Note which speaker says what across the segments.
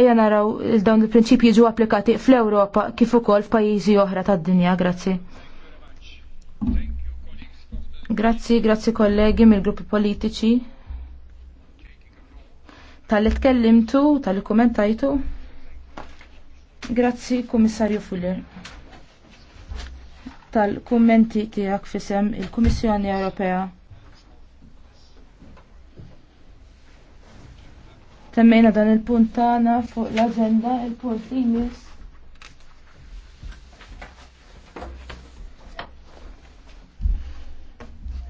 Speaker 1: Ejja naraw il-dawn il-prinċipji ġu applikati fl-Ewropa kif ukoll f'pajjiżi oħra tad-dinja, grazzi. Grazzi, grazzi kollegi mill-gruppi politiċi tal-li tkellimtu, tal-li kommentajtu. Grazzi, Kummissarju Fuller tal-kummenti tiegħek fisem il-Kummissjoni Ewropea. Temmejna dan il-punt tagħna fuq l-aġenda il-punt li jmiss.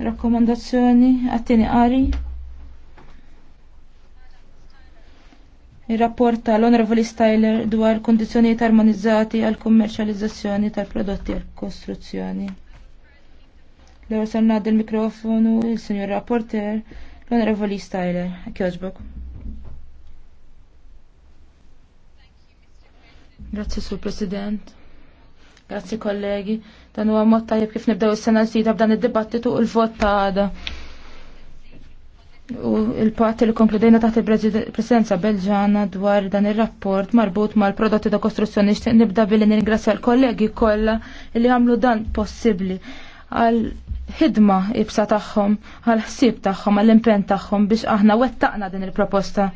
Speaker 1: Rakkomandazzjoni għattini qari. Il-rapport tal-Onorevoli Styler dwar kondizjonijiet armonizzati għal kummerċjalizzazzjoni tal-prodotti għal kostruzzjoni. L-ewwel ser il-mikrofonu il senjur Rapporter l-Onorevoli Styler. Kjoġbok. Grazzi, Sur President. Grazzi, kollegi. Dan huwa mod tajjeb kif nibdew is-sena l sida b'dan id-dibattitu u l-vot ta' għada. U il part li konkludejna taħt il-presidenza belġana dwar dan il-rapport marbut mal-prodotti ta' kostruzzjoni nixtieq nibda billi ningrazzja l-kollegi kollha li għamlu dan possibbli għal ħidma ibsa tagħhom, għal ħsieb tagħhom, għal impenn tagħhom biex aħna wettaqna din il-proposta.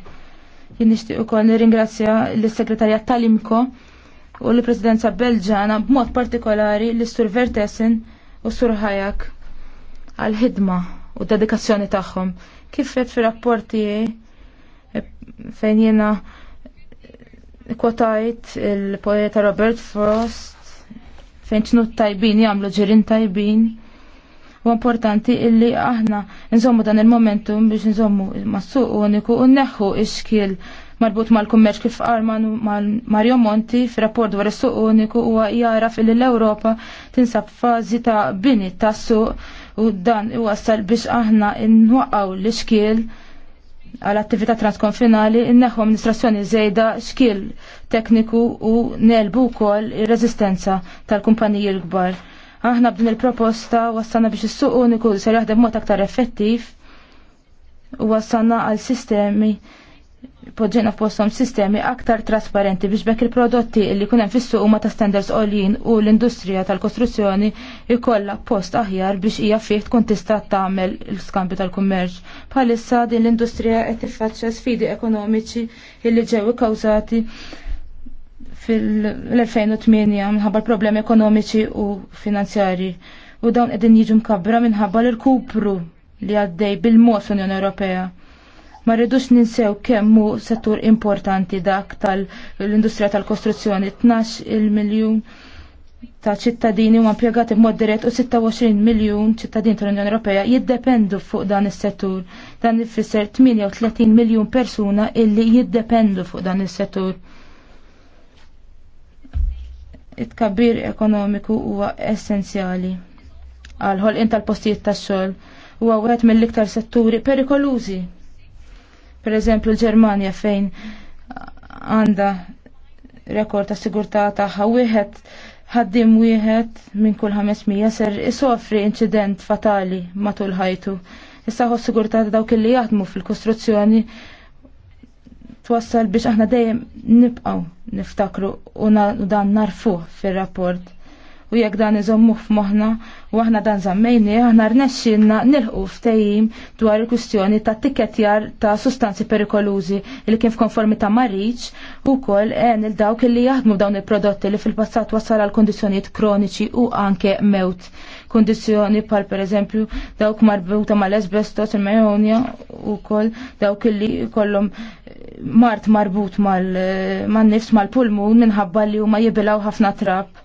Speaker 1: Jien nixtieq ukoll nirringrazzja l-segretarjat tal-imko u l-Presidenza Belġana b'mod partikolari l sur Vertessin u Sur Hayak għal-ħidma u dedikazzjoni tagħhom. Kif qed fir-rapporti eh, fejn jiena kwotajt il-poeta Robert Frost fejn ċnut tajbin jagħmlu ġirin tajbin u importanti illi aħna nżommu dan il-momentum biex nżommu mas uniku u neħħu ix-xkiel marbut mal-kummerċ kif qal Mario Monti fir-rapport dwar is-suq uniku huwa jara fil l-Ewropa tinsab fażi ta' bini tas-suq u dan iwassal biex aħna nwaqgħu l-iskil għal attività transkonfinali inneħu amministrazzjoni żejda xkiel tekniku u nelbu wkoll ir-reżistenza tal-kumpaniji l-kbar. Aħna b'din il-proposta wassana biex is-suq uniku ser jaħdem mod aktar effettiv u wassana għal sistemi poġġena f'postom sistemi aktar trasparenti biex bekk il-prodotti li kunem fissu u ta' standards olin u l-industrija tal-kostruzzjoni ikolla post aħjar biex hija fih tkun tista' tagħmel l-skambju tal-kummerċ. Bħalissa din l-industrija qed tiffaċċja sfidi ekonomiċi illi ġew ikkawżati fil-2008 minħabba problemi ekonomiċi u finanzjari u dawn qegħdin jiġu mkabbra minħabba l-kupru li għaddej bil-mod fl-Unjoni Ewropea Ma rridux ninsew kemm hu settur importanti dak tal-industrija tal-kostruzzjoni 12 il-miljun ta' ċittadini huma impjegati b'mod dirett u 26 miljun ċittadin tal-Unjoni Ewropea jiddependu fuq dan is-settur. Dan ifisser 38 miljun persuna illi jiddependu fuq dan is-settur. It-kabbir ekonomiku huwa essenzjali għal ħolqien tal-postijiet tax-xogħol huwa wieħed mill-iktar setturi perikolużi Per eżempju l-Ġermanja fejn għanda rekord ta' sigurtà tagħha wieħed ħaddim wieħed minn kull 500 ser isofri inċident fatali matul ħajtu. Issa ħoss sigurtà ta' dawk li jaħdmu fil-kostruzzjoni twassal biex aħna dejjem nibqgħu niftakru u dan narfuh fir-rapport u jekk dan iżommu f'moħħna u aħna dan żammejni aħna rnexxinna nilħu ftehim dwar il-kwistjoni ta' tikketjar ta' sustanzi perikolużi li kien f'konformi ma' riċ u wkoll en il dawk li jaħdmu dawn il-prodotti li fil-passat wasal għal kondizjoniet kroniċi u anke mewt. Kondizjoni pal per eżempju dawk marbuta mal-esbestos, il-mejonja u koll dawk li kollom mart marbut mal-nifs eh, mal-pulmun minħabba li huma jibilaw ħafna trab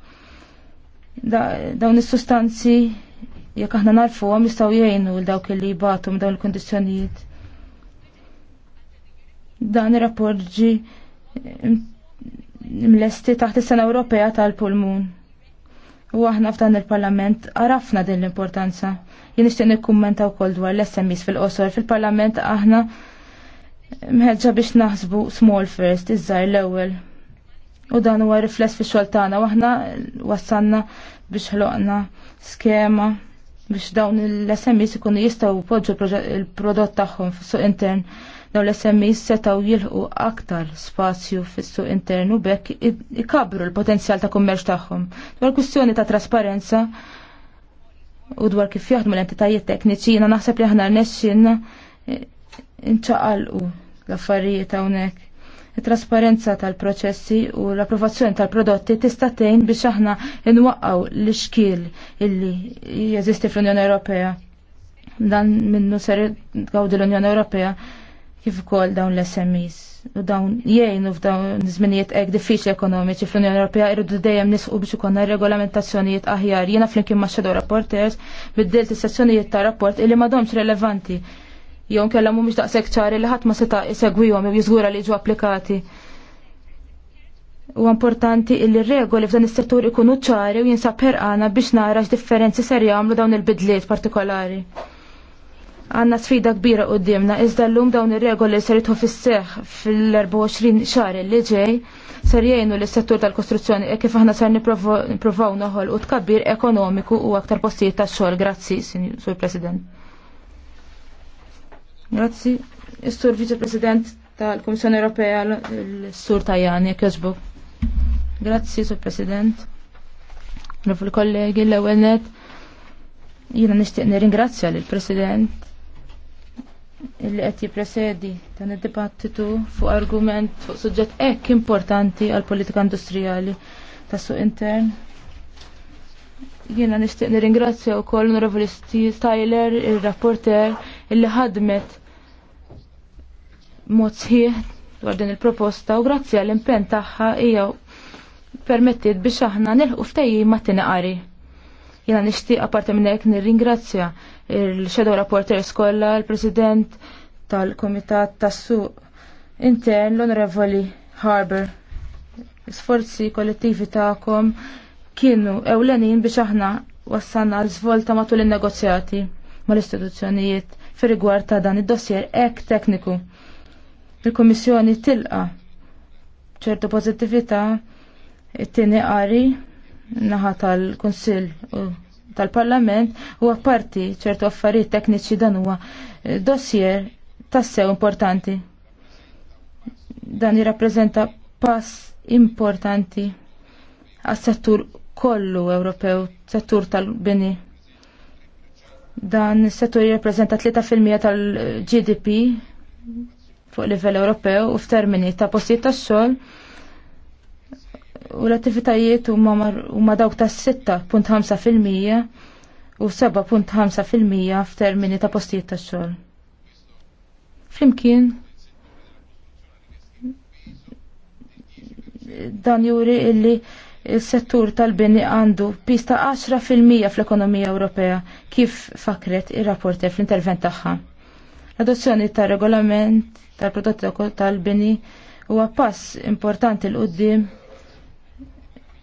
Speaker 1: dawn is-sustanzi jekk aħna narfuhom jistgħu jgħinu l dawk li jibatu dawn il kundizzjonijiet Dan ir rapporġi mlesti taħt is-sena Ewropea tal-pulmun. U aħna f'dan il-Parlament arafna din l-importanza. Jien nixtieq nikkummenta wkoll dwar l-SMIs fil-qosor fil-Parlament aħna mħeġġa biex naħsbu small first, iż l-ewwel. U dan huwa rifless fi xogħol tagħna u aħna wassanna biex ħloqna skema biex dawn l-SMEs ikunu jistgħu jpoġġu il-prodott tagħhom fis-suq intern dawn l smis setgħu jilħu aktar spazju fis-suq intern u bekk ikabru l-potenzjal ta' kummerċ tagħhom. Dwar kwistjoni ta' trasparenza u dwar kif jaħdmu l-entitajiet tekniċi jiena naħseb li aħna rnexxinna eh, inċaqalqu l-affarijiet hawnhekk trasparenza tal-proċessi u l-approvazzjoni tal-prodotti tista' tgħin biex aħna nwaqqgħu l-xkiel illi jeżisti fl-Unjoni Ewropea. Dan minnu ser gawdi l-Unjoni Ewropea kif ukoll dawn l-SMEs. U dawn jgħinu f'dawn żminijiet hekk diffiċli ekonomiċi fl-Unjoni Ewropea irridu dejjem nisqu biex ikonna regolamentazzjonijiet aħjar. Jiena flimkien ma' Shadow Rapporters biddilt is-sessjonijiet ta' rapport illi m'għadhomx relevanti jew kellhom mhumiex daqshekk ċari li ħadd ma seta' isegwihom jew jiżgura li jiġu applikati. U importanti r regoli f'dan is-settur ikunu ċari u jinsab ħerqana biex nara x'differenzi ser jagħmlu dawn il-bidliet partikolari. Għanna sfida kbira qudiemna iżda llum dawn ir-regoli ser jitħu fis-seħħ fil-24 xahar li ġej ser jgħinu lis settur tal-kostruzzjoni e kif aħna ser nipprovaw noħol u tkabbir ekonomiku u aktar postijiet tax-xogħol. Grazzi, Sur President. Grazzi. Istur Viċe-President tal-Komissjoni Ewropea l-Sur Tajani, kħesbu. Grazzi, Sur President. Rafu l-kollegi l-ewenet. Jina nishtiq nir-ingrazzja l-President illi qed jippresedi dan id-dibattitu fuq argument fuq suġġett hekk importanti għal politika industrijali tas-suq intern. Jiena nixtieq nirringrazzja wkoll Onorevoli Styler, il rapporter illi ħadmet mod sħiħ dwar din il-proposta u grazzi għall-impenn tagħha hija permettiet biex aħna nilħu ftejji ma' tinqari. Jiena nixtieq apparti minn hekk nirringrazzja il-Shadow Rapporters kollha, il-President tal-Kumitat tas-Suq Intern l-Onorevoli Harbour. Sforzi kollettivi tagħkom kienu ewlenin biex aħna wassanna l-svolta matul in-negozjati mal-istituzzjonijiet fir-rigward ta' dan id-dossier ek tekniku. Il-Komissjoni tilqa ċertu pożittività it-tieni qari naħa tal-Kunsill tal-Parlament u apparti ċertu affarijiet tekniċi dan huwa eh, dossier tassew importanti. Dan jirrappreżenta pass importanti għas-settur kollu Ewropew, settur tal-bini. Dan is-settur jirrappreżenta 3% tal-GDP fuq livell Ewropew u f'termini ta' postijiet tax-xogħol u l-attivitajiet huma dawk tas 6.5% u 7.5% f'termini ta' postijiet tax xogħol. Flimkien dan juri illi il-settur tal-bini għandu pista 10% fl-ekonomija Ewropea kif fakret ir rapporti fl-intervent tagħha. L-adozzjoni tal-regolament tal-prodotti tal-bini huwa pass importanti l-qoddim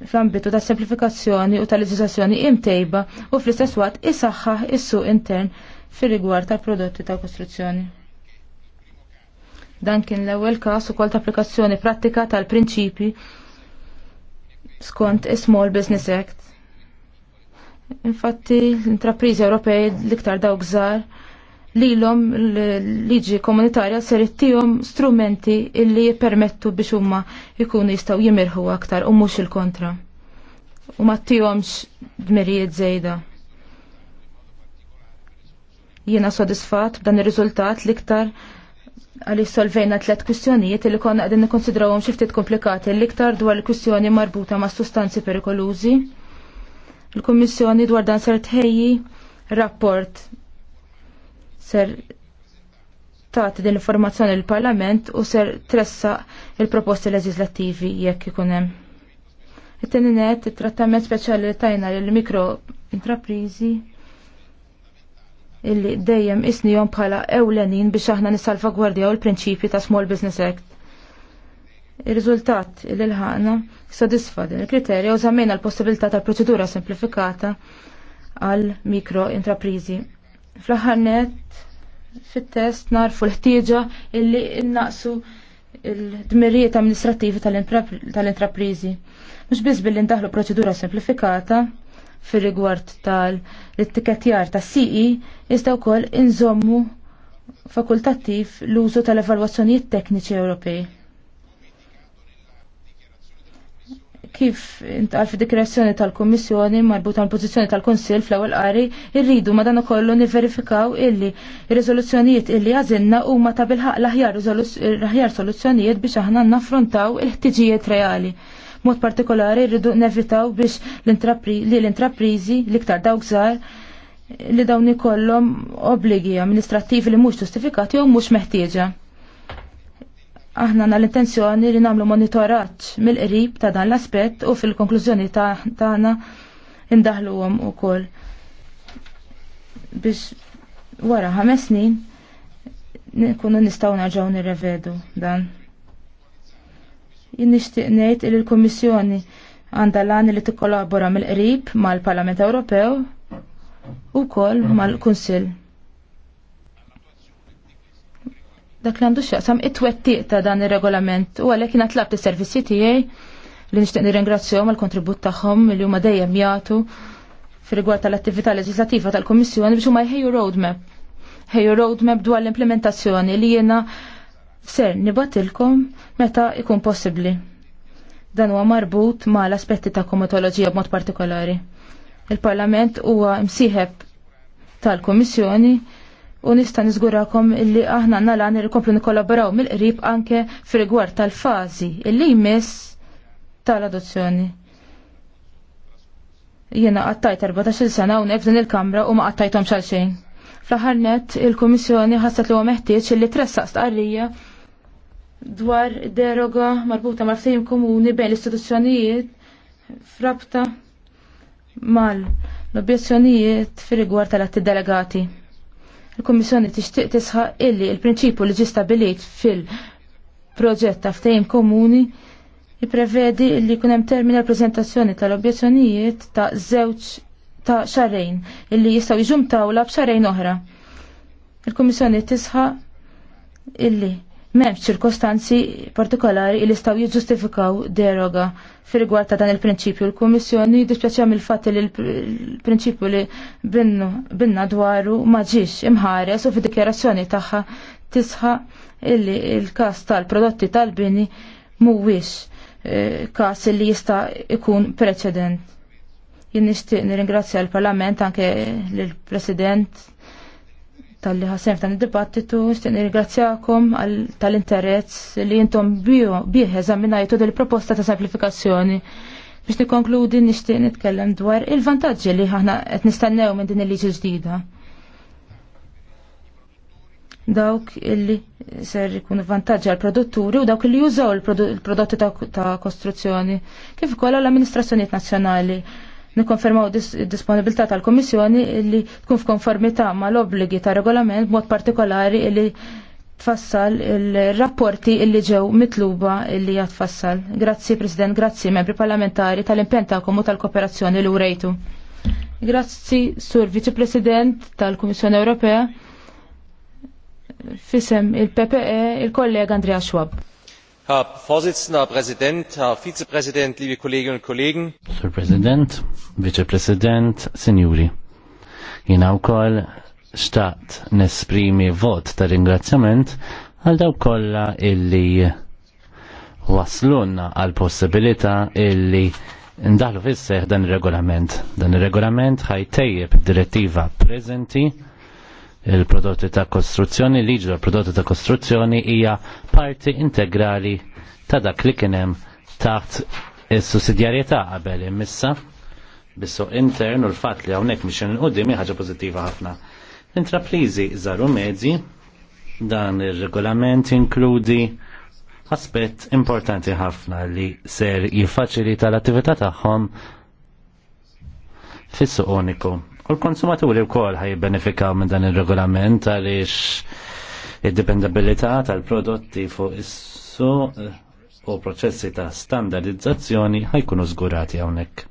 Speaker 1: fl-ambitu ta' semplifikazzjoni u tal-leġislazzjoni imtejba u fl-istess waqt isaħħaħ is-suq intern fir-rigward tal-prodotti ta' kostruzzjoni. Dan kien l-ewwel każ ukoll ta' applikazzjoni prattika tal-prinċipi skont Small Business Act. Infatti, l-intrapriżi Ewropej l-iktar dawk żgħar lilhom l-liġi komunitarja ser strumenti illi jippermettu biex huma jkunu jistgħu jimirħu aktar u mhux il-kontra. U ma ttihomx dmirijiet żejda. Jiena sodisfat b'dan ir-riżultat l-iktar għalli solvejna tlet kwistjonijiet li konna għedin nikonsidrawhom xi ftit komplikati l-iktar dwar il-kwistjoni marbuta ma' sustanzi perikolużi. Il-Kummissjoni dwar dan ser tħejji rapport ser tagħti din l-informazzjoni l-Parlament u ser tressa il-proposti leġislattivi jekk ikun hemm. It-tieni net it-trattament speċjali li tajna lill mikro intraprizi illi dejjem isnijhom bħala ewlenin biex aħna nissalvagwardjaw il-prinċipji ta' Small Business Act. Ir-riżultat il ilħaqna sodisfa din il-kriterja u żammejna l-possibilità tal-proċedura simplifikata għal mikro intraprizi. Fl-ħanet, fit-test narfu l-ħtieġa illi innaqsu il-dmirijiet amministrativi tal-intraprizi. Mux biz billi ndaħlu proċedura semplifikata fir rigward tal-ittiketjar ta' CE jista' wkoll inżommu fakultattiv l-użu tal-evalwazzjonijiet tekniċi Ewropej. kif intqal fid-dikrazzjoni tal-Kummissjoni marbuta mal-pożizzjoni tal-Kunsill fl-ewwel qari, irridu madan ukollu nivverifikaw illi ir-riżoluzzjonijiet illi għażilna huma ta' bilħaq l-aħjar soluzzjonijiet biex aħna naffrontaw il-ħtiġijiet reali. Mod partikolari rridu nevitaw biex li l-intraprizi l-iktar dawk żgħar li dawn ikollhom obbligi amministrattivi li mhux ġustifikati jew mhux meħtieġa. Aħna na l-intenzjoni li nagħmlu monitorat mill-qrib ta' dan l-aspett u fil-konklużjoni għom u ukoll biex wara ħames snin nkunu nistgħu naġaw nirrevedu dan. Jien nixtieq ngħid li l-Kummissjoni għandha l li tikkollabora mill-qrib mal-Parlament Ewropew u kol mal-Kunsill. dak li għandu xaqsam it-twettiq ta' dan ir-regolament u għalhekk jiena tlab is-servizzi tiegħi li nixtieq nirringrazzjahom għall kontribut tagħhom li huma dejjem jagħtu fil rigward tal-attività leġislattiva tal-Kummissjoni biex huma jħejju roadmap. Ħejju roadmap dwar l-implementazzjoni li jiena ser nibatilkom meta ikun possibbli. Dan huwa marbut ma' l-aspetti ta' komatoloġija b'mod partikolari. Il-Parlament huwa msieħeb tal-Kummissjoni u nista' niżgurakom illi aħna nalan irkomplu nikkollaboraw mill-qrib anke fir-rigward tal-fażi illi jmiss tal-adozzjoni. Jiena qattajt 14-il sena hawnhekk f'din il-kamra u ma qattajthom xalxejn. Fl-aħħar il-Kummissjoni ħasset li huwa meħtieġ illi tressaq stqarrija dwar deroga marbuta mal-ftehim komuni bejn l-istituzzjonijiet frabta mal objezzjonijiet fir-rigward tal-atti delegati il kommissjoni tixtieq tisħaq illi l-prinċipju li ġi stabilit fil-proġett ta' ftehim komuni jipprevedi li jkun hemm termina l-preżentazzjoni tal-objezzjonijiet ta' żewġ ta' xarrejn illi jistgħu jżumtawla b'xarrejn oħra. Il-Kummissjoni tisħaq illi M'hemmx ċirkostanzi partikolari li jistgħu jiġġustifikaw deroga fir-rigward ta' dan il-prinċipju. L-Kummissjoni dispjaċja mill-fatt li l-prinċipju li binna dwaru ma ġiex imħares u fid-dikjarazzjoni tagħha tisħa illi il-kas tal-prodotti tal-bini mhuwiex eh, kas li jista' ikun preċedent. Jien nixtieq nirringrazzja l-Parlament anke lill-President tal-li ħasem f'dan id-dibattitu, nistin nirgrazzjakom tal-interess li jintom bih eżaminajtu dil-proposta ta' semplifikazzjoni. Biex nikonkludi nixtieq nitkellem dwar il-vantaġġi li aħna qed nistennew minn din il-liġi ġdida. Dawk illi ser ikun vantaġġi għal produtturi u dawk li jużaw il-prodotti ta' kostruzzjoni, kif ukoll għall amministrazzjonijiet nazzjonali nikkonfermaw id-disponibilità tal-Komissjoni li tkun f'konformità mal-obbligi ta' regolament mod partikolari li tfassal il-rapporti illi ġew mitluba illi jatfassal. Grazzi, President, grazzi, membri parlamentari tal-impentakom u tal-kooperazzjoni li urejtu. Grazzi, Sur Vice President tal-Komissjoni Ewropea, fisem il-PPE, il-kollega Andrea Schwab
Speaker 2: herr präsident herr präsident herr vizepräsident liebe kolleginnen und kollegen! sur president vizepräsident sinjuri jiena wkoll xtaqt nesprimi vot ta' ringrazzjament għal dawk kollha illi waslunna għal possibilità illi ndaħlu fisseħ dan ir-regolament. Dan ir-regolament ħajtejjeb direttiva preżenti il-prodotti ta' kostruzzjoni, liġi l prodotti ta' kostruzzjoni hija parti integrali ta' dak li kienem taħt il sussidjarieta qabel immissa bissu intern u l-fat li hawnhekk mhix inqudiem ħaġa pożittiva ħafna. Intraprizi żaru mezzi dan ir-regolament inkludi aspett importanti ħafna li ser jiffaċilita l-attività tagħhom fis-suq uniku U l-konsumaturi wkoll ħaj benefikaw minn dan ir-regolament għaliex id-dipendabilità tal-prodotti fuq issu eh, u proċessi ta' standardizzazzjoni ħajkunu żgurati hawnhekk.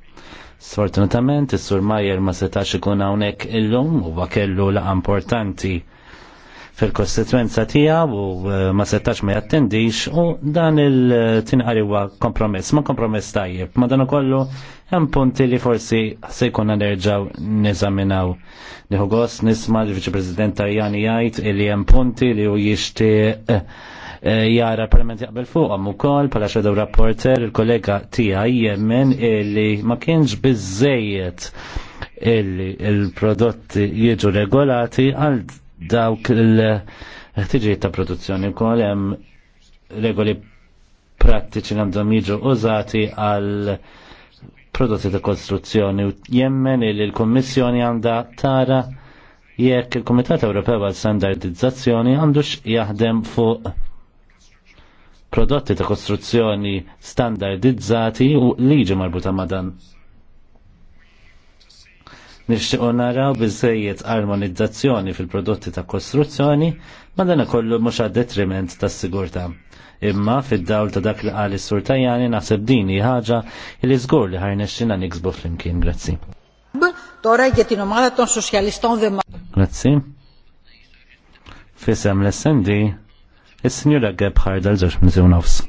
Speaker 2: Sfortunatament, is-Sur Majer ma setax ikun hawnhekk illum huwa kellu laqa importanti fil-kostituenza tija u eh, ma setax ma jattendix u dan il-tinqari huwa kompromess, ma kompromess tajjeb, ma dan ukollu hemm punti li forsi se jkunna nerġaw niżaminaw. Nieħu gost nisma' l-Viċi President Tajani jgħid li hemm punti li hu jixtieq eh, jara parlament jaqbel fuqhom ukoll bħala xedew rapporter il-kollega tiegħi jemmen li ma kienx biżejjed illi il-prodotti jiġu regolati għal dawk l-ħtiġijiet ta' produzzjoni wkoll hemm regoli prattiċi għandhom jiġu użati għal prodotti ta' kostruzzjoni u jemmen li l-Kommissjoni għandha tara jekk il-Kumitat Ewropew għal standardizzazzjoni għandux jaħdem fuq prodotti ta' kostruzzjoni standardizzati u liġi marbuta ma' dan. Nixtiequ naraw bizzejiet armonizzazzjoni fil-prodotti ta' kostruzzjoni ma dana kollu mhux għad detriment tas-sigurtà. Imma fid-dawl ta' dak li qal is-sur Tajani naħseb din hi ħaġa li żgur li ħarnexxina niksbu flimkien. Grazzi.
Speaker 1: Tora jiet soċjaliston vimma.
Speaker 2: Grazzi. Fisem l-essendi il sinjura Gebhard għal ġox mżew nofs.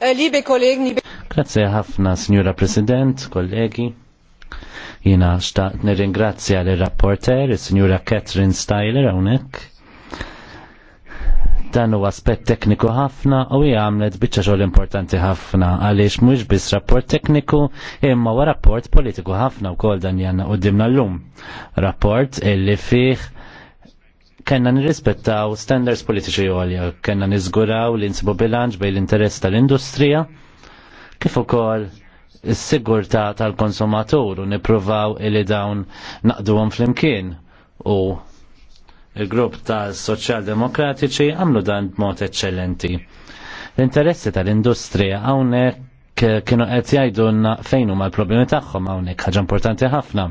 Speaker 1: Eh,
Speaker 2: Grazzi ħafna, Signora President, kollegi. Jina xtaqt nirringrazzja l rapporter il signora Catherine Styler hawnhekk. Dan huwa aspett tekniku ħafna u hija għamlet biċċa xogħol importanti ħafna għaliex mhux biss rapport tekniku imma wa rapport politiku ħafna wkoll dan janna qudiemna llum. Rapport illi fih kena nirrispettaw standards politiċi għolja, kena nizguraw l insibu bilanċ bej l-interess tal-industrija, kif ukoll s-sigurta tal-konsumatur u nippruvaw illi dawn naqduhom fl-imkien u il-grupp ta' Soċjaldemokratiċi għamlu dan b'mod eccellenti. L-interessi tal-industrija hawnhekk kienu qed jgħidulna fejn huma l-problemi tagħhom hawnhekk ħaġa importanti ħafna.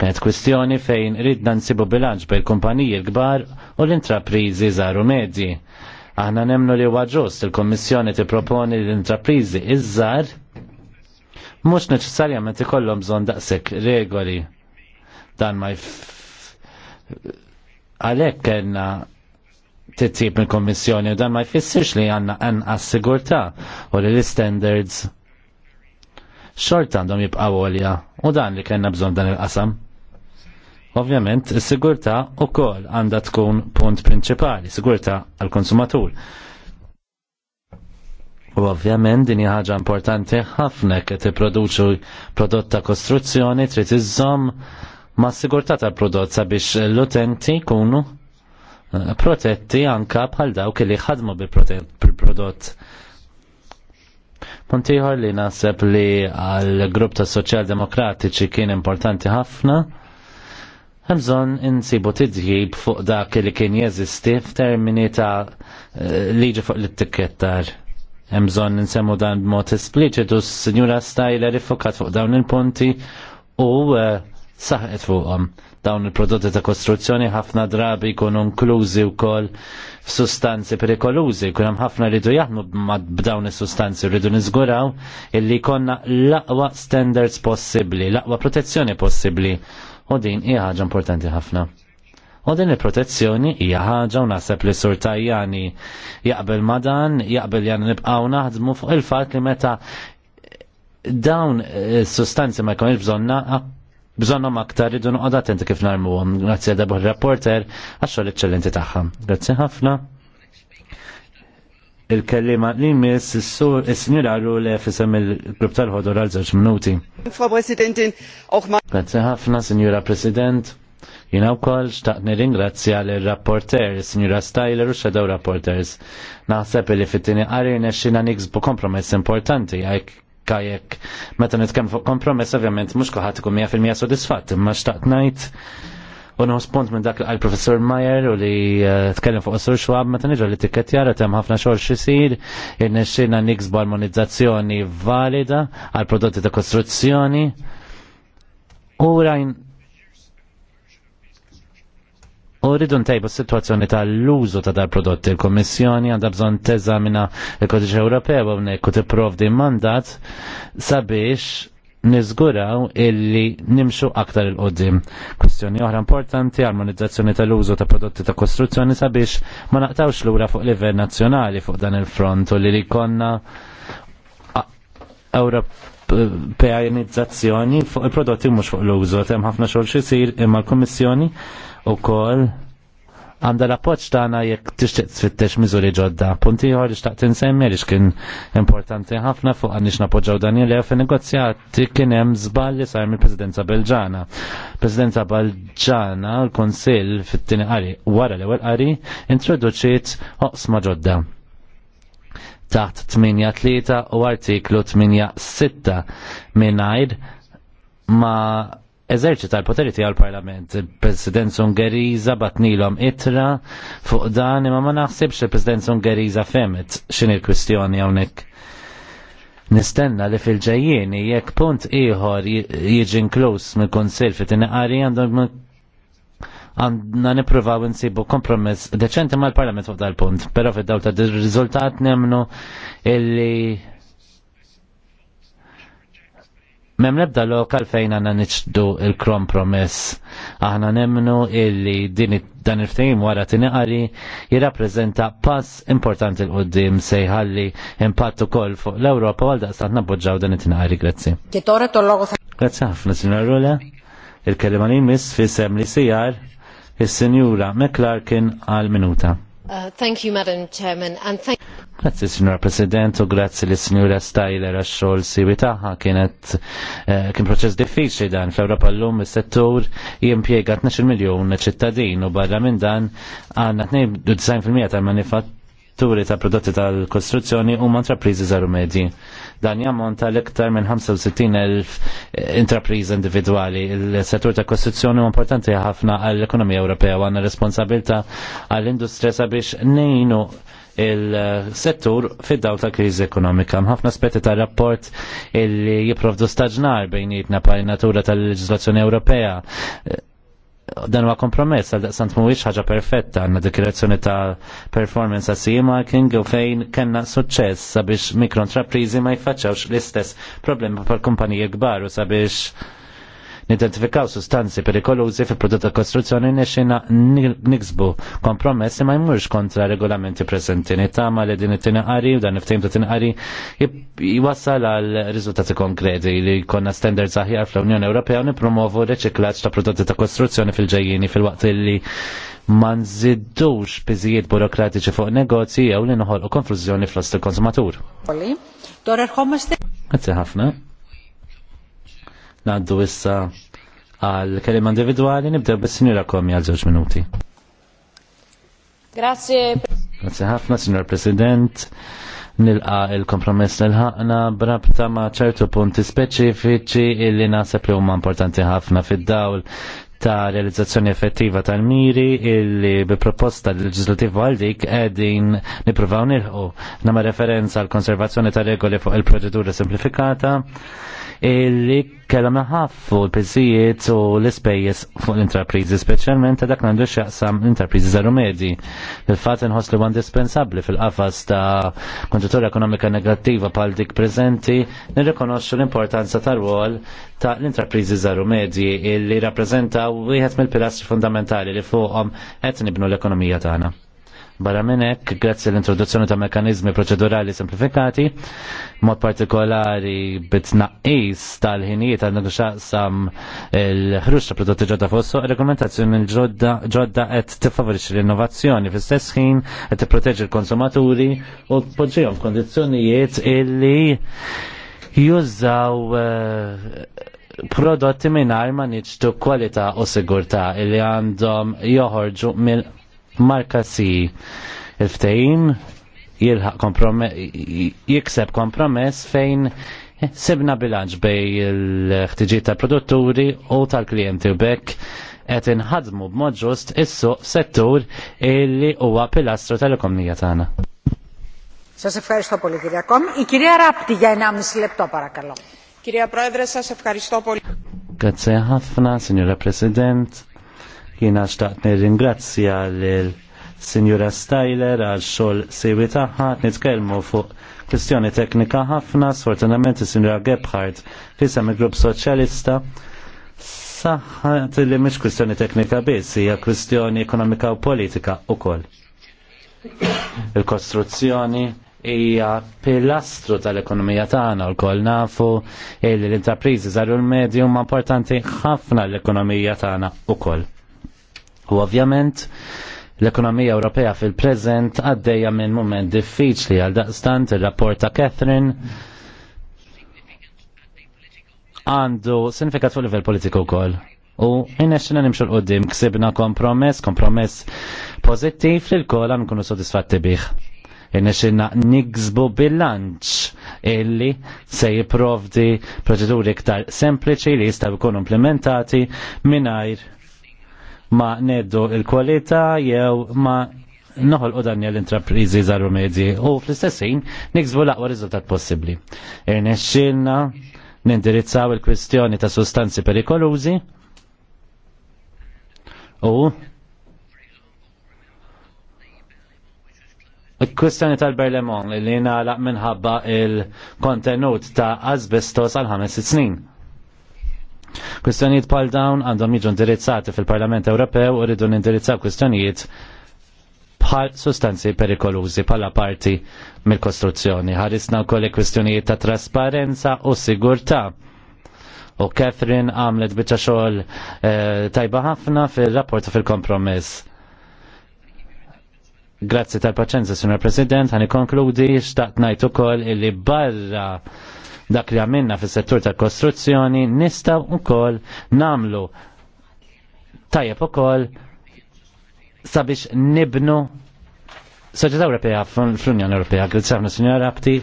Speaker 2: Kienet kwistjoni fejn ridna nsibu bilanċ bejn kumpaniji l-kbar u l-intraprizi żaru medji. Aħna nemnu li huwa ġust il-Kommissjoni tipproponi l-intraprizi iż-żar mhux neċessarjament ikollhom bżonn daqshekk regoli dan ma għalhekk kellna titjib mill-Kommissjoni u dan ma jfissirx li għandna anqas sigurtà u li l-standards xort għandhom jibqgħu għolja u dan li kellna bżonn dan il-qasam. Ovvjament, is-sigurtà wkoll għandha tkun punt prinċipali, sigurtà għall-konsumatur. U ovvjament din ħaġa importanti ħafna ke tipproduċu prodott ta' kostruzzjoni trid iżżomm ma' sigurtà tal-prodott sabiex l-utenti jkunu eh, protetti anka bħal dawk li ħadmu bil-prodott. Punt ieħor li naħseb li għall grupp ta' Soċjaldemokratiċi kien importanti ħafna. Hemżon insibu tidjib fuq dak li kien jeżisti f'termini ta' eh, liġi fuq l-ittikettar. Hemm bżonn dan b'mod espliċitu s-Sinjura Stajler iffokat fuq dawn il-punti u eh, saħet fuqhom. Dawn il-prodotti ta' kostruzzjoni ħafna drabi jkunu inklużi wkoll f'sustanzi perikolużi, kun hemm ħafna rridu jaħdmu b'dawn is-sustanzi, rridu niżguraw illi jkollna l-aqwa standards possibbli, l-aqwa protezzjoni possibbli. U din hija ħaġa importanti ħafna. U din il-protezzjoni hija ħaġa u naħseb li sur Tajjani jaqbel ma dan, jaqbel jan nibqgħu naħdmu fuq il-fatt li meta dawn is-sustanzi eh, ma jkunx bżonna bżonnhom aktar idu noqgħod attenti kif narmuhom. Grazzi għal dabuħ reporter għax-xogħol eċċellenti tagħha. Grazzi ħafna. Il-kellima li miss is-sur is-sinjura rule fisem il-grupp tal-ħodur għal żewġ minuti. Grazzi ħafna, Sinjura President. Jina u koll xtaqt nir l-rapporter, signora Stajler u xedaw rapporters. Naħseb li fit-tini għarri nesċina nikzbu kompromess importanti għajk kajek meta nitkellem fuq kompromess ovvjament mhux kulħadd ikun 100% sodisfatt, imma xtaqt ngħid u spont minn dak li għal professor Mayer u li eh, tkellem fuq Sur xwab, meta niġu li t-tiket jara tem ħafna xogħol xisir irnexxina niksbu armonizzazzjoni valida għal prodotti ta' kostruzzjoni u rajn U rridu ntejbu s-situazzjoni tal-użu ta' dal-prodotti. Il-Kommissjoni għandha bżonn teżamina il-Kodiċ Ewropew hawnhekk u tipprovdi mandat sabiex niżguraw illi nimxu aktar il-qoddim. Kwestjoni oħra importanti armonizzazzjoni tal-użu ta' prodotti ta' kostruzzjoni sabiex ma naqtawx lura fuq livell nazzjonali fuq dan il-front u li li konna Ewropeanizzazzjoni fuq il-prodotti mhux fuq l-użu. Hemm ħafna xogħol imma l-Kummissjoni u kol għanda l-appoċ tagħna jekk tixtieq tfittex Mizuri ġodda. Punti ieħor li xtaqt insemmi li kien importanti ħafna fuq għandix napoġġaw dani li fi negozjati kien hemm żball li sar mill-Presidenza Belġana. Presidenza Belġana l-Kunsill fit-tieni qari wara l-ewwel qari introduċiet oqsma ġodda taħt 8.3 u artiklu 8.6 minn ma eżerċita l-poteri tiegħu l-Parlament. Il-President Ungeriża batnilhom itra fuq dan imma ma naħsibx il-President Ungeriża femet x'in il-kwistjoni hawnhekk. Nistenna li fil-ġejjieni jekk punt ieħor jiġi inkluż mill-Kunsill fit-tinqari għandhom għandna niprovaw nsibu kompromess deċenti mal-Parlament fuq dal-punt, pero fid dawta ta' riżultat nemnu illi Mem lebda lokal fejn għanna niċdu il-kompromess. Aħna nemnu illi din dan il-ftehim wara tiniqari jirrappreżenta pass importanti l-qoddim se jħalli impatt ukoll fuq l-Ewropa għal daqstant nabbuġġaw dan it tinqari grazzi.
Speaker 1: E grazzi
Speaker 2: ħafna, Signor Rula. Il-kelima li jmiss fi sem li sijar is-Sinjura McClarkin għal minuta.
Speaker 3: Uh, thank you, Madam Chairman, and thank you.
Speaker 2: Grazzi, Signor President, u grazzi li Signora Stajler għax-xogħol siwi tagħha kienet eh, kien proċess diffiċli dan fl-Ewropa llum is-settur jimpjega 12 miljun ċittadin u barra minn dan għandna 92% tal-manifatturi ta' prodotti tal-kostruzzjoni huma intrapriżi żaru medji. Dan jammonta l iktar minn 65,000 eh, intrapriżi individwali. Il-settur ta' kostruzzjoni huwa importanti ħafna għall-ekonomija Ewropea u għandna responsabilta għall-industrija sabiex nejnu il-settur fid-daw ta' kriżi ekonomika. Mħafna aspetti ta' rapport illi jiprofdu staġnar jitna pa' natura tal-leġislazzjoni Ewropea. Dan huwa kompromess għal daqsant mhuwiex ħaġa perfetta għandna dikirazzjoni ta' performance għas marking u fejn kellna suċċess sabiex mikro ma jfaċċawx l-istess problemi pal kumpaniji kbar u sabiex nidentifikaw sustanzi perikolużi fi prodotta kostruzzjoni nixina niksbu kompromessi ma jmurx kontra regolamenti presenti. Nittama li din it tinaqari u dan iftim ta' tinqari jwassal għal riżultati konkreti li konna standards aħjar fl-Unjoni Ewropea u nipromovu reċiklaċ ta' prodotti ta' kostruzzjoni fil-ġejjini fil-waqt li ma nżiddux biżijiet burokratiċi fuq negozji jew li noħolqu konflużjoni fl-ost il-konsumatur.
Speaker 1: Għazzi
Speaker 2: ħafna. Naddu issa għal kelima individuali nibdew bis-sinjura Komi għal żewġ minuti. Grazie. Grazie ħafna, Signor President. Nilqa il-kompromess l ħaqna brabta ma' ċertu punti speċifiċi li nasab li huma importanti ħafna fid-dawl ta' realizzazzjoni effettiva tal-miri illi bi proposta legislativa għal dik edin niprovaw nilħu. Nama referenza għal konservazzjoni ta' regoli fuq il-proċedura simplifikata illi kellhom naħaffu l pizzijiet u l-ispejjeż fuq l-intrapriżi, speċjalment ta' dak għandu x'jaqsam l-intrapriżi Zaru medji. il fatt inħoss li huwa indispensabbli fil-qafas ta' konġuttura ekonomika negattiva bħal dik prezenti nirrikonoxxu l-importanza tar-rwol ta' l-intrapriżi Zaru medji illi rappreżentaw wieħed mill-pilastri fundamentali li fuqhom qed nibnu l-ekonomija tagħna. Barra minnek, grazzi l-introduzzjoni ta' mekanizmi proċedurali semplifikati, mod partikolari bitnaqis tal-ħinijiet għandu xaqsam il-ħruċ ta' prodotti ġodda fossu, rekomendazzjoni ġodda qed tiffavorixxi l-innovazzjoni fl-istess ħin qed tipproteġi l-konsumaturi u tpoġġihom f'kondizzjonijiet illi jużaw eh, prodotti minn ma niċtu kwalità u sigurtà li għandhom joħorġu mill marka C. il-ftejim jikseb kompromess fejn sibna bilanċ bej il-ħtiġiet tal produtturi u tal klienti u bekk qed inħadmu b'mod ġust issu settur illi huwa pilastru tal-ekonomija tagħna.
Speaker 1: Σας ευχαριστώ πολύ κυρία Κόμ. Η κυρία Ράπτη για 1,5 λεπτό παρακαλώ. Κυρία Πρόεδρε, σας ευχαριστώ πολύ.
Speaker 2: Grazie ħafna, Signora President. Jina xtaqt nir-ringrazzja l-Sinjura Styler għal xol sewi taħħa, nitkelmu fuq kwestjoni teknika ħafna, sfortunament il-Sinjura Gebhardt fissam il-Grupp Soċjalista. Saħħat li mhix kwestjoni teknika biss, hija kwestjoni ekonomika u politika ukoll. Il-kostruzzjoni hija pilastru tal-ekonomija tagħna u nafu li l-intrapriżi żaru l-medju huma importanti ħafna l-ekonomija tagħna ukoll. U ovvjament l-ekonomija Ewropea fil-preżent għaddejja minn moment diffiċli għal daqstant ir-rapport ta' Catherine għandu sinifikat fuq livell politiku wkoll. U innexxina nimxu l-qoddim, ksibna kompromess, kompromess pozittiv li l-kol għan kunu sodisfatti bih. Innexxina nigzbu bilanċ illi se jiprovdi proċeduri iktar sempliċi li jistaw ikunu implementati minajr ma neddu il-kwalità jew ma noħol u danja l-intraprizi zaru medzi u fl-istessin nikzbu laqwa riżultat possibli. Irnexxilna nindirizzaw il-kwistjoni ta' sostanzi perikolużi u Il-kwistjoni tal-Berlemon li nalaq minħabba il-kontenut ta' asbestos għal ħames snin. Kwistjonijiet pal dawn għandhom jiġu indirizzati fil-Parlament Ewropew u rridu nindirizzaw kwistjonijiet bħal sustanzi perikolużi bħala parti mill-kostruzzjoni. Ħarisna wkoll kwistjonijiet ta' trasparenza u sigurtà. U Catherine għamlet biċċa xogħol eh, tajba ħafna fil-rapport fil-kompromess. Grazzi tal-paċenza, Signor President, ħani konkludi xtaqt najtu kol illi barra Dak li għamilna fis settur tal kostruzzjoni nistaw ukoll namlu tajjeb ukoll sabiex nibnu Soċjetà Ewropea fl-Unjoni Ewropea, grazzi ħafna Sinjora Abti,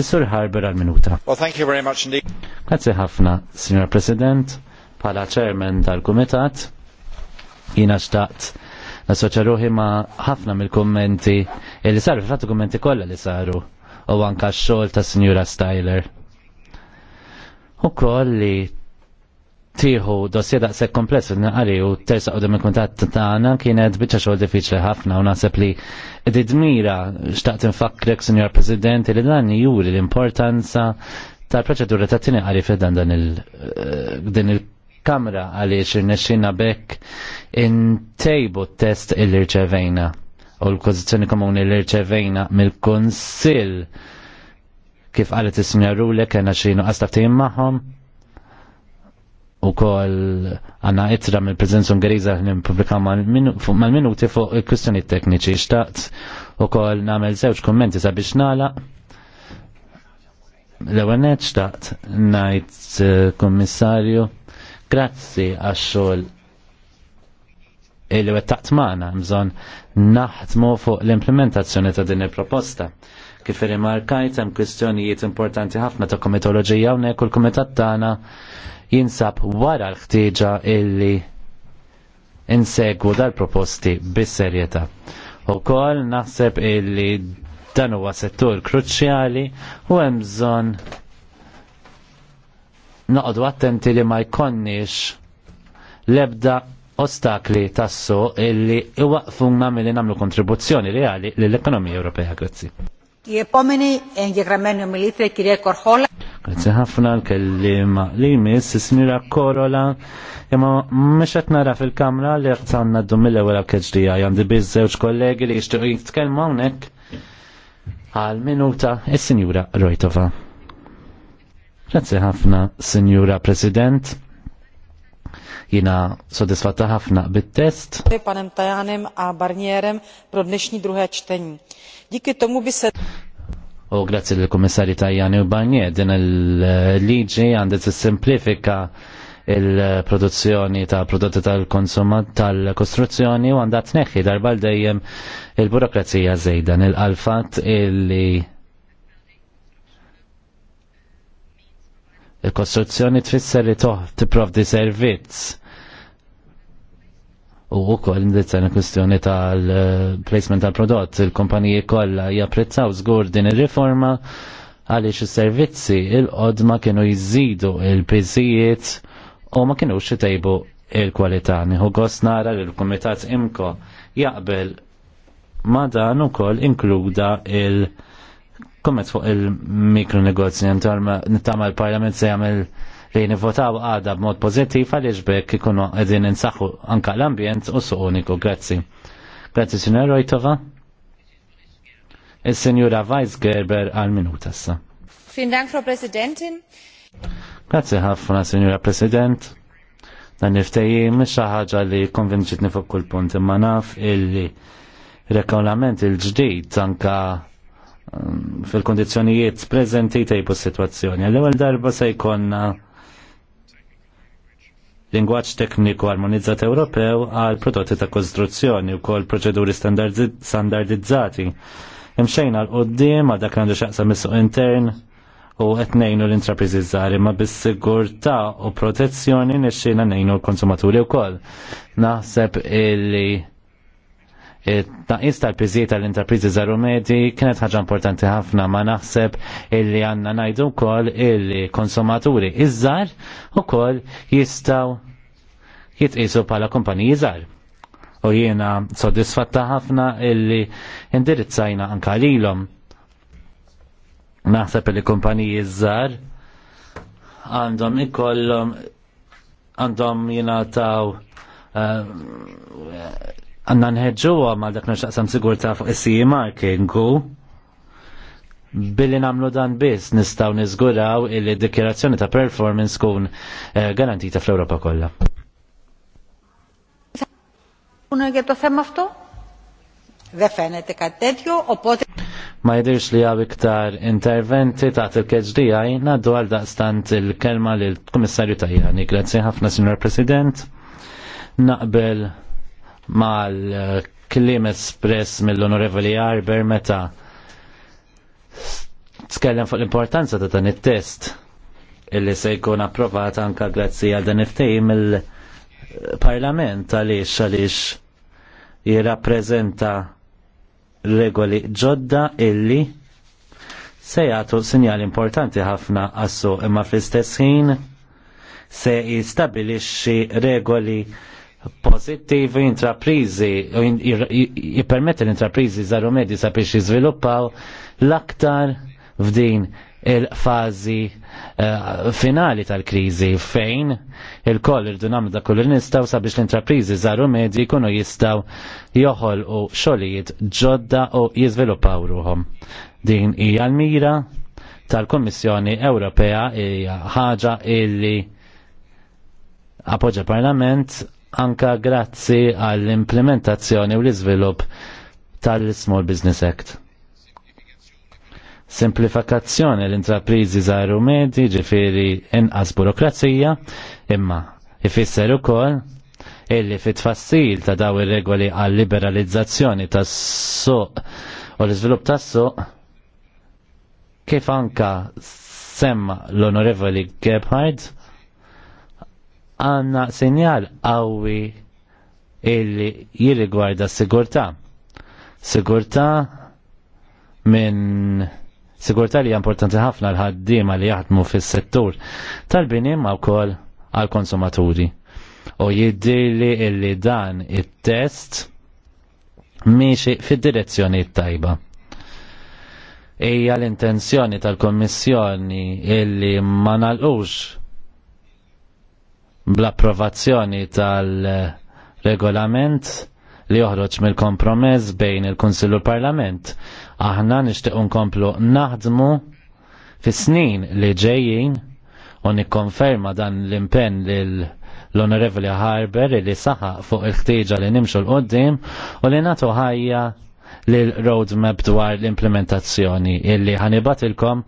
Speaker 2: is-Sur Harber għal-minuta. Well, thank you very much indeed. Grazzi ħafna, Signor President, bħala Chairman tal-Kumitat, jina xtaqt nassoċa ruħi ma' ħafna mill-kommenti li saru, fil-fatt kommenti kollha li saru, u għanka xol xogħol ta' Sinjura Styler u koll li tiħu dossier daqseg kompless fil u tersa u demi kuntat tagħna kienet biċċa xogħol diffiċli ħafna u naħseb li id-dmira xtaqt infakrek, Signor President, li dan juri l-importanza tal-proċedura ta' tini għari fedan dan il eh, kamra għaliex irnexxina bekk intejbu test il-irċevejna u l kozizjoni komuni l-irċevejna mill-Kunsill kif għalet is-sinjar Rule kena xinu għastaftim maħom u kol għanna itra mill prezenza ungeriza li publika mal-minuti fuq il-kustjoni tekniċi xtaqt u kol namel zewġ kommenti sabiex nala l għanet xtaqt najt eh, kommissarju grazzi għaxxol il-wettaqt maħna mżon naħtmu fuq l-implementazzjoni ta' din il-proposta Kif rimarkajt hemm kwistjonijiet importanti ħafna ta' komitoloġija hawnhekk u l-kumitat tagħna jinsab wara l-ħtieġa illi insegwu dal-proposti bis-serjetà. Ukoll naħseb illi dan huwa settur kruċjali u hemm bżonn noqogħdu attenti li ma jkonniex l-ebda ostakli tassu illi iwaqfuna milli nagħmlu namlu kontribuzzjoni reali lill ekonomija Ewropea. Grazzi.
Speaker 1: Grazie
Speaker 2: ħafna l kelliema li jmiss, s-snira korola, jemma mxet nara fil-kamra li għtanna d-dum mill-ewel keġdija għandi bizzewġ kollegi li jishtu jitkelma unek għal-minuta, il-Sinjura Rojtova. Grazie ħafna, Sinjura President. Jina sodisfatta ħafna bit-test.
Speaker 1: Panem Tajanem a Barnierem pro dnešní druhé čtení.
Speaker 3: Díky tomu by se...
Speaker 2: U grazzi l-Komissari Tajani u Barnier din il-liġi għandet simplifika il-produzzjoni ta' prodotti tal-konsumat tal-kostruzzjoni u għandat neħi darba l-dejjem il-burokrazija zejdan il-alfat illi Il-kostruzzjoni tfisser li toħ tipprovdi servizz u wkoll il kwistjoni tal-placement tal-prodott, il-kumpaniji kollha japprezzaw żgur din ir-riforma għaliex is-servizzi il-qodma kienu jżidu il-piżijiet u ma kienu jitejbu il-kwalità. Nieħu gost nara li l-Kumitat Imko jaqbel ma dan ukoll inkluda il-, -il kummet fuq il-mikronegozju nittama l-Parlament se jgħamil li nivotaw għada b-mod pozittiv għaliex bekk ikunu qegħdin insaħħu anka l-ambjent u su uniku. Grazzi. Grazzi signor Rojtova. Il-signora Vice Gerber għal minuta issa. Fin dank Frau Presidentin. Grazzi ħafna signora President. Dan niftejji, xi ħagġa li konvinċitni fuq kull punt imma naf il regolament il ġdijt anka Um, fil-kondizjonijiet prezenti s situazzjoni. L-ewwel darba se jkollna lingwaġġ tekniku armonizzat Ewropew għal prodotti ta' kostruzzjoni u kol proċeduri standardizzati. Imxejn għal qoddim għal dak għandu xaqsa missu intern u qed ngħinu l-intrapriżi żgħar ma bis-sigurtà u protezzjoni nixxina nejnu l-konsumaturi wkoll. Naħseb illi Ista l pizziet tal-intrapriżi Zaru Medi kienet ħaġa importanti ħafna ma naħseb illi għandna ngħidu wkoll il-konsumaturi iż-żar ukoll jistgħu jitqisu bħala kumpaniji żgħar. U jiena sodisfatta ħafna illi indirizzajna anka lilhom. Naħseb li kumpaniji żar għandhom ikollhom għandhom jingħataw eh, għanna nħedġuwa ma dak sigur sigurta fuq is-CE markingu billi namlu dan biss nistaw nizguraw il-dikjerazzjoni ta' performance kun eh, garantita fl-Europa kollha. Unu Ma jidirx li għaw iktar interventi ta' il-keġdi naddu għal daqstant il-kelma l-Komissarju Tajani. Grazie ħafna, Signor President. Naqbel mal-klim espress mill-Onorevoli Arber meta tkellem fuq l-importanza ta' dan it-test illi se jkun approvat anka grazzi għal dan it-tejm il-Parlament għaliex għaliex jirrappreżenta regoli ġodda illi se jagħtu sinjal importanti ħafna għassu imma fl-istess ħin se jistabilixxi regoli pozittivi intraprizi jippermetti l-intraprizi zaru medji sabiex jizviluppaw l-aktar f'din il-fazi eh, finali tal-krizi fejn il-koll irdu namlu da kull nistaw sabiex l-intraprizi zaru medji kunu jistaw joħol u xolijiet ġodda u jizviluppaw ruhom. Din hija l-mira tal-Kommissjoni Ewropea hija ħaġa illi appoġġa parlament anka grazzi għall-implementazzjoni u l-izvilup tal-Small Business Act. Simplifikazzjoni l-intraprizi zaru medji ġifiri inqas burokrazija imma ifisser ukoll illi fit tfassil ta' daw ir-regoli għall liberalizzazzjoni tas-suq u l-iżvilupp tas-suq kif anka semma l-Onorevoli Gebhardt għanna sinjal għawi illi jirrigwarda s-sigurta. Sigurta minn sigurta li importanti ħafna l ħaddim li jaħdmu fis-settur tal-bini ma' kol għal-konsumaturi. U jiddili illi dan it-test miexi fid-direzzjoni tajba. Ija l-intenzjoni tal-Kommissjoni illi ma nalqux bl-approvazzjoni tal-regolament li joħroġ mill-kompromess bejn il-Kunsill u l-Parlament. Aħna nixtieq nkomplu naħdmu fis-snin li ġejjin u nikkonferma dan l-impenn lil l-Onorevoli Harber li saħaq fuq il-ħtieġa li nimxu l-qoddim u li natu ħajja l-roadmap dwar l-implementazzjoni illi ħanibatilkom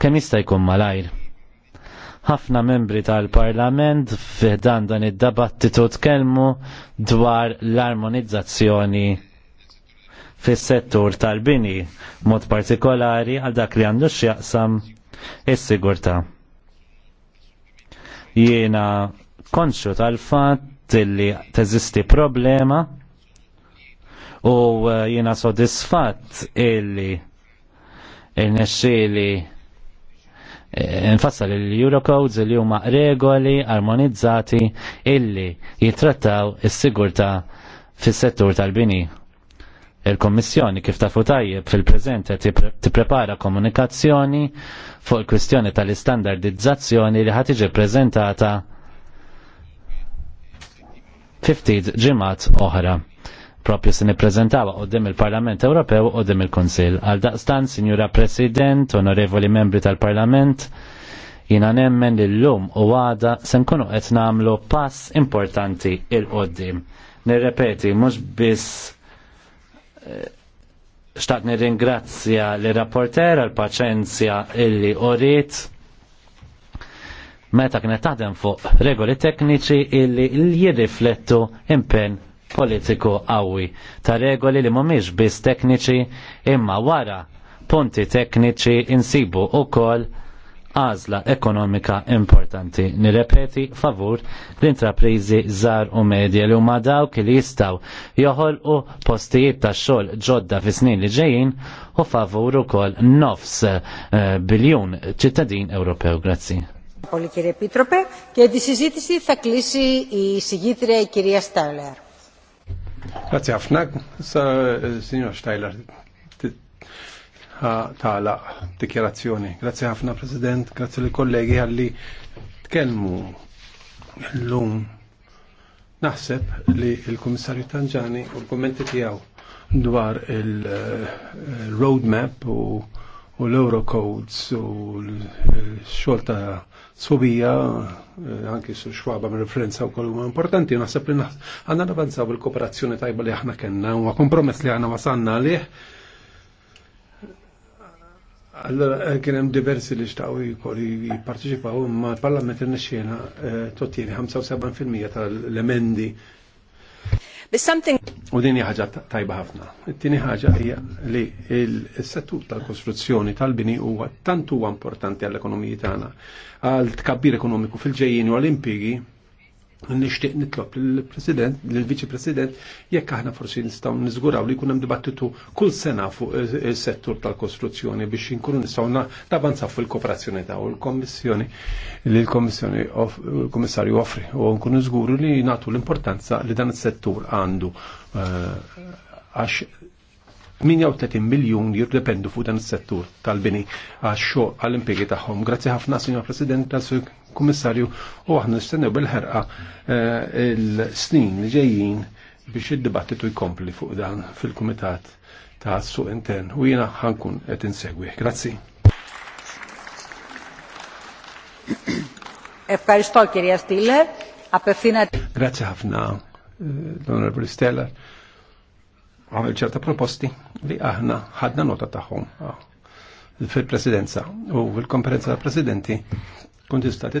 Speaker 2: kemm jista' jkun malajr ħafna membri tal-parlament f'dan dan id-dabattitu tkellmu dwar l-armonizzazzjoni fis-settur tal-bini, mod partikolari għal dak li għandu x'jaqsam is-sigurtà. Jiena konxu tal-fatt li teżisti problema u eh, jiena sodisfatt illi il-nexxieli il nfassal il-Eurocodes li huma regoli armonizzati illi jitrattaw is-sigurtà fis-settur tal-bini. Il-Kommissjoni kif tafu tajjeb fil preżenta tipprepara komunikazzjoni fuq il-kwistjoni tal-istandardizzazzjoni li ħatiġi tiġi ppreżentata 50 ġimgħat oħra propju se nippreżentawa dem il-Parlament Ewropew u dem il-Kunsill. Għal daqstan, Sinjura President, onorevoli membri tal-Parlament, jina nemmen li l-lum u għada se nkunu qed nagħmlu pass importanti il-qoddim. Nirrepeti, mhux biss eh, xtaqt nirringrazzja l rapporter għal paċenzja illi orit meta kienet taħdem fuq regoli tekniċi illi jirriflettu impenn politiku qawwi ta' regoli li mhumiex biss tekniċi imma wara punti tekniċi insibu wkoll għażla ekonomika importanti. Nirrepeti favur l-intraprizi żgħar u medja li huma dawk li jistgħu joħolqu postijiet ta' xogħol ġodda fi snin li ġejjin u favur ukoll nofs eh, biljun ċittadin Ewropew. Grazzi.
Speaker 1: Πολύ κύριε Επίτροπε και τη συζήτηση θα κλείσει η η κυρία
Speaker 3: Grazie ħafna, eh, signor Steiler, la dikjerazzjoni. Grazie ħafna, President, grazie li kollegi għalli tkelmu l-lum. Naħseb li il-Komissarju Tanġani u l-kommenti tijaw dwar il-roadmap eh, u l-Eurocodes u l-xolta eh, Sobija, eh, anki su xwaba minn referenza u kollu importanti, naħseb li għanna avanzaw il-kooperazzjoni tajba li aħna kena, u kompromess li għanna wasanna li. Allora, eh, kien hemm diversi li xtaqgħu jkollu jipparteċipaw imma l-Parlament irnexxiena eh, tottieni 75% tal-emendi. But something U dini ħaġa tajba ħafna. It-tieni ħaġa hija li s-settur tal-kostruzzjoni tal-bini huwa tant huwa importanti għall-ekonomiji tagħna, għal tkabbir ekonomiku fil-ġejjin u għall impigi nishtiq nitlob l-President, l-Viċi President, jekk aħna forsi nistgħu niżguraw li jkun hemm dibattitu kull sena fuq is-settur tal-kostruzzjoni biex inkunu nistgħu navanzaw fil-kooperazzjoni ta' u l-Kommissjoni li l-Kommissjoni l kommissarju offri u nkunu żguru li nagħtu l-importanza li dan is-settur għandu eh, għax 38 miljon jirdependu fuq dan is-settur tal-bini għax-xogħol għall-impjegi tagħhom. Grazzi ħafna, Sinjor President, grazzi Kummissarju, u aħna nistennew bil-ħerqa eh, l-snin li ġejjin biex id-dibattitu jkompli fuq dan fil-Kumitat ta' suq intern u jiena ħankun qed insegwi. Grazzi.
Speaker 1: Grazie
Speaker 3: ħafna, eh, l onorabli Stellar għamil ċerta proposti li aħna ħadna nota taħħom ah, fil-presidenza u fil-konferenza tal-presidenti kunti istati